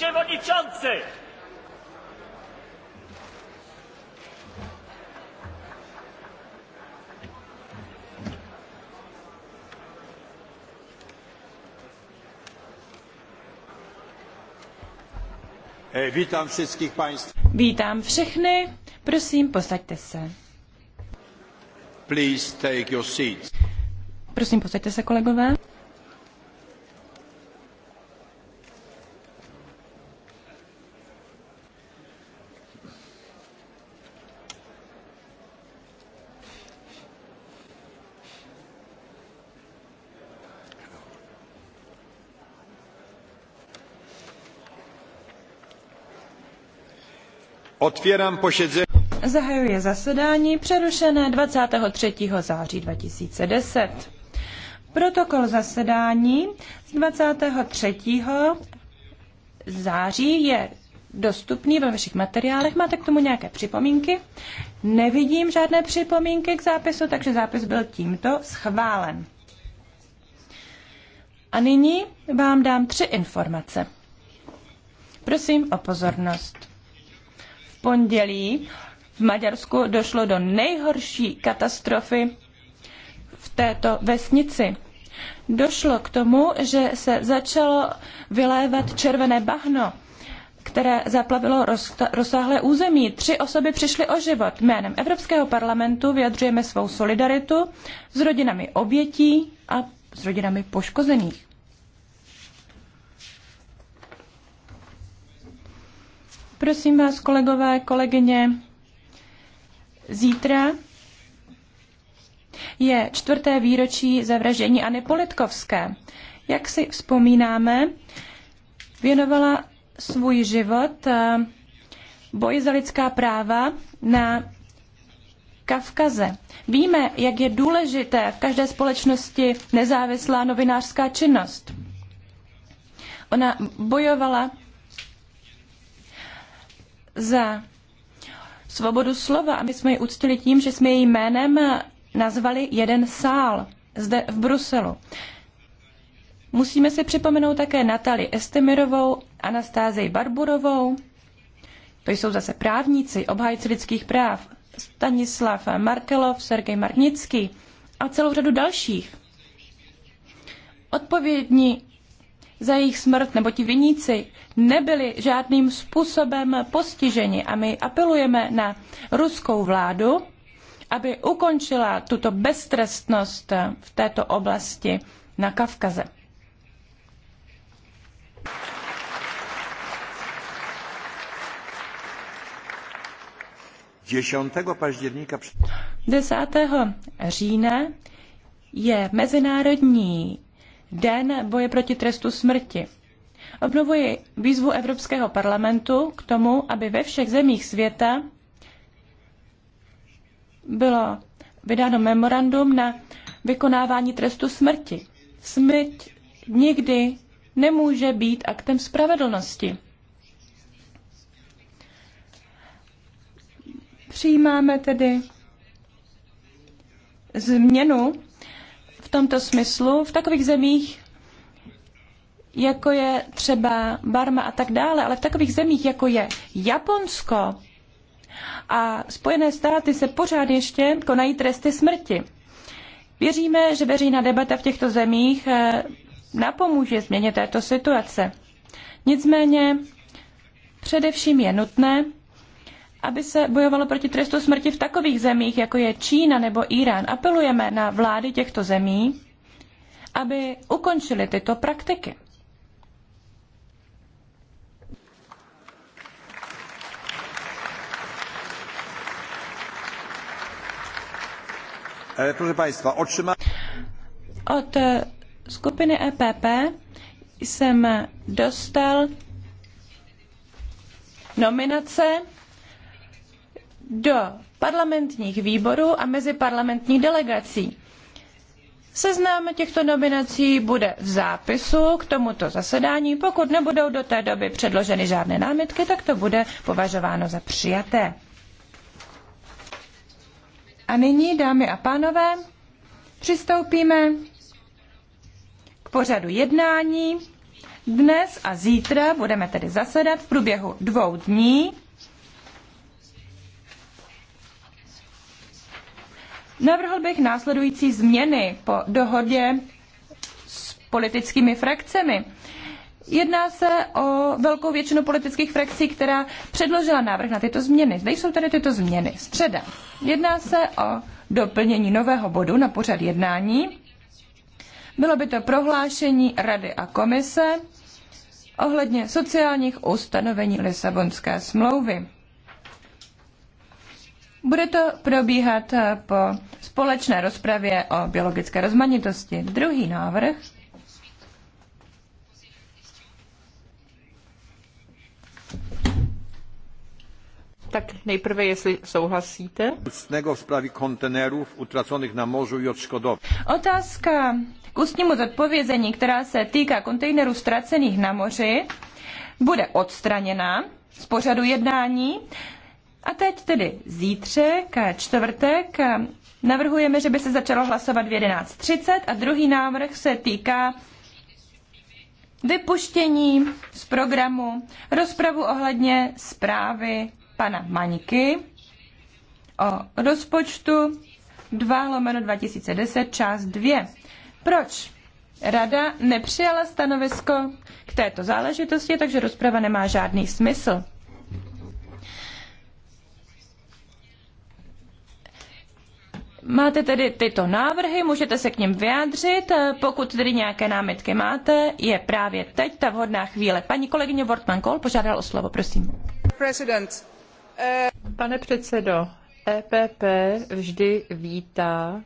przewodniczący! Vítám e, všech państw. Vítám všechny. Prosím, posaďte se. Please take your seats. Prosím, posaďte se, kolegové. Otvírám Zahajuje zasedání přerušené 23. září 2010. Protokol zasedání z 23. září je dostupný ve vašich materiálech. Máte k tomu nějaké připomínky? Nevidím žádné připomínky k zápisu, takže zápis byl tímto schválen. A nyní vám dám tři informace. Prosím o pozornost pondělí v Maďarsku došlo do nejhorší katastrofy v této vesnici. Došlo k tomu, že se začalo vylévat červené bahno, které zaplavilo rozsáhlé území. Tři osoby přišly o život. Jménem Evropského parlamentu vyjadřujeme svou solidaritu s rodinami obětí a s rodinami poškozených. Prosím vás, kolegové, kolegyně, zítra je čtvrté výročí zavraždění Anny Politkovské. Jak si vzpomínáme, věnovala svůj život eh, boji za lidská práva na Kavkaze. Víme, jak je důležité v každé společnosti nezávislá novinářská činnost. Ona bojovala za svobodu slova a my jsme ji uctili tím, že jsme její jménem nazvali jeden sál zde v Bruselu. Musíme si připomenout také Natali Estemirovou, Anastázii Barburovou, to jsou zase právníci, obhájci lidských práv, Stanislav Markelov, Sergej Marnický a celou řadu dalších. Odpovědní za jejich smrt, nebo ti viníci nebyli žádným způsobem postiženi. A my apelujeme na ruskou vládu, aby ukončila tuto beztrestnost v této oblasti na Kavkaze. października 10. října je Mezinárodní Den boje proti trestu smrti. Obnovuji výzvu Evropského parlamentu k tomu, aby ve všech zemích světa bylo vydáno memorandum na vykonávání trestu smrti. Smrt nikdy nemůže být aktem spravedlnosti. Přijímáme tedy změnu tomto smyslu v takových zemích, jako je třeba Barma a tak dále, ale v takových zemích, jako je Japonsko a Spojené státy se pořád ještě konají tresty smrti. Věříme, že veřejná debata v těchto zemích eh, napomůže změně této situace. Nicméně především je nutné, aby se bojovalo proti trestu smrti v takových zemích, jako je Čína nebo Irán. Apelujeme na vlády těchto zemí, aby ukončili tyto praktiky. E, proszę Państwa, otrzyma... Od e, skupiny EPP jsem dostal nominace do parlamentních výborů a parlamentní delegací. Seznam těchto nominací bude v zápisu k tomuto zasedání. Pokud nebudou do té doby předloženy žádné námitky, tak to bude považováno za přijaté. A nyní, dámy a pánové, přistoupíme k pořadu jednání. Dnes a zítra budeme tedy zasedat v průběhu dvou dní. Navrhl bych následující změny po dohodě s politickými frakcemi. Jedná se o velkou většinu politických frakcí, která předložila návrh na tyto změny. Zde jsou tady tyto změny. Středa. Jedná se o doplnění nového bodu na pořad jednání. Bylo by to prohlášení Rady a komise ohledně sociálních ustanovení Lisabonské smlouvy. Bude to probíhat eh, po společné rozpravě o biologické rozmanitosti. Druhý návrh. Tak nejprve, jestli souhlasíte. Ústného v zprávě utracených na moři i Otázka k ústnímu zodpovězení, která se týká kontejnerů ztracených na moři, bude odstraněna z pořadu jednání. A teď tedy zítřek, čtvrtek, navrhujeme, že by se začalo hlasovat v 11.30 a druhý návrh se týká vypuštění z programu rozpravu ohledně zprávy pana Maňky o rozpočtu 2 lomeno 2010 část 2. Proč? Rada nepřijala stanovisko k této záležitosti, takže rozprava nemá žádný smysl. Máte tedy tyto návrhy, můžete se k ním vyjádřit. Eh, Pokud tedy nějaké námitky máte, je právě teď ta vhodná chvíle. Paní kolegyně wortmann kohl požádal o slovo, prosím. Eh, Pane předsedo, EPP vždy vítá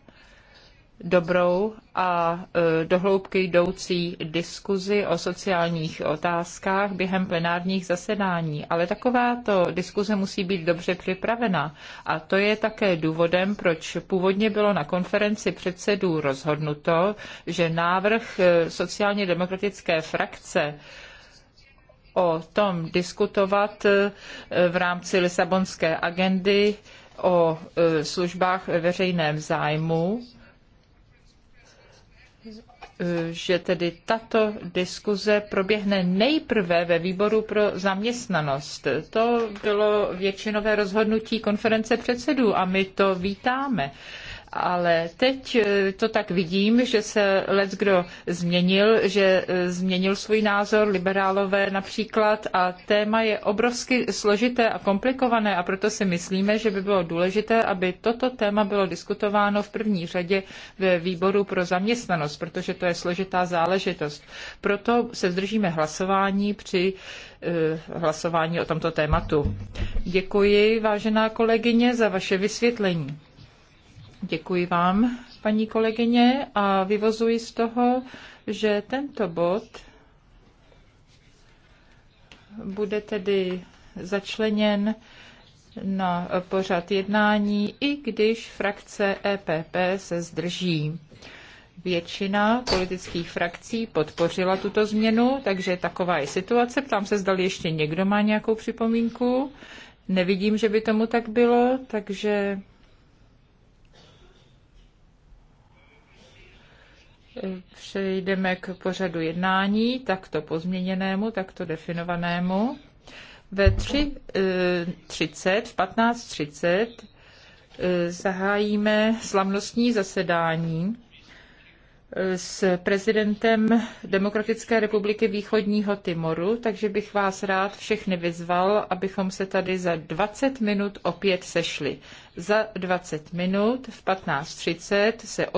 dobrou a e, dohloubky jdoucí diskuzi o sociálních otázkách během plenárních zasedání. Ale takováto diskuze musí být dobře připravena a to je také důvodem, proč původně bylo na konferenci předsedů rozhodnuto, že návrh e, sociálně demokratické frakce o tom diskutovat e, v rámci Lisabonské agendy o službách veřejném zájmu že tedy tato diskuze proběhne nejprve ve výboru pro zaměstnanost. To bylo většinové rozhodnutí konference předsedů a my to vítáme ale teď eh, to tak vidím, že se leckdo změnil, že eh, změnil svůj názor, liberálové například, a téma je obrovsky složité a komplikované a proto si myslíme, že by bylo důležité, aby toto téma bylo diskutováno v první řadě ve výboru pro zaměstnanost, protože to je složitá záležitost. Proto se zdržíme hlasování při eh, hlasování o tomto tématu. Děkuji, vážená kolegyně, za vaše vysvětlení. Děkuji vám, paní kolegyně, a vyvozuji z toho, že tento bod bude tedy začleněn na pořad jednání, i když frakce EPP se zdrží. Většina politických frakcí podpořila tuto změnu, takže taková je situace. Ptám se, zdali ještě někdo má nějakou připomínku. Nevidím, že by tomu tak bylo, takže Přejdeme k pořadu jednání, takto pozměněnému, takto definovanému. Ve 3.30, eh, v 15.30 eh, zahájíme slavnostní zasedání eh, s prezidentem Demokratické republiky východního Timoru, takže bych vás rád všechny vyzval, abychom se tady za 20 minut opět sešli. Za 20 minut v 15.30 se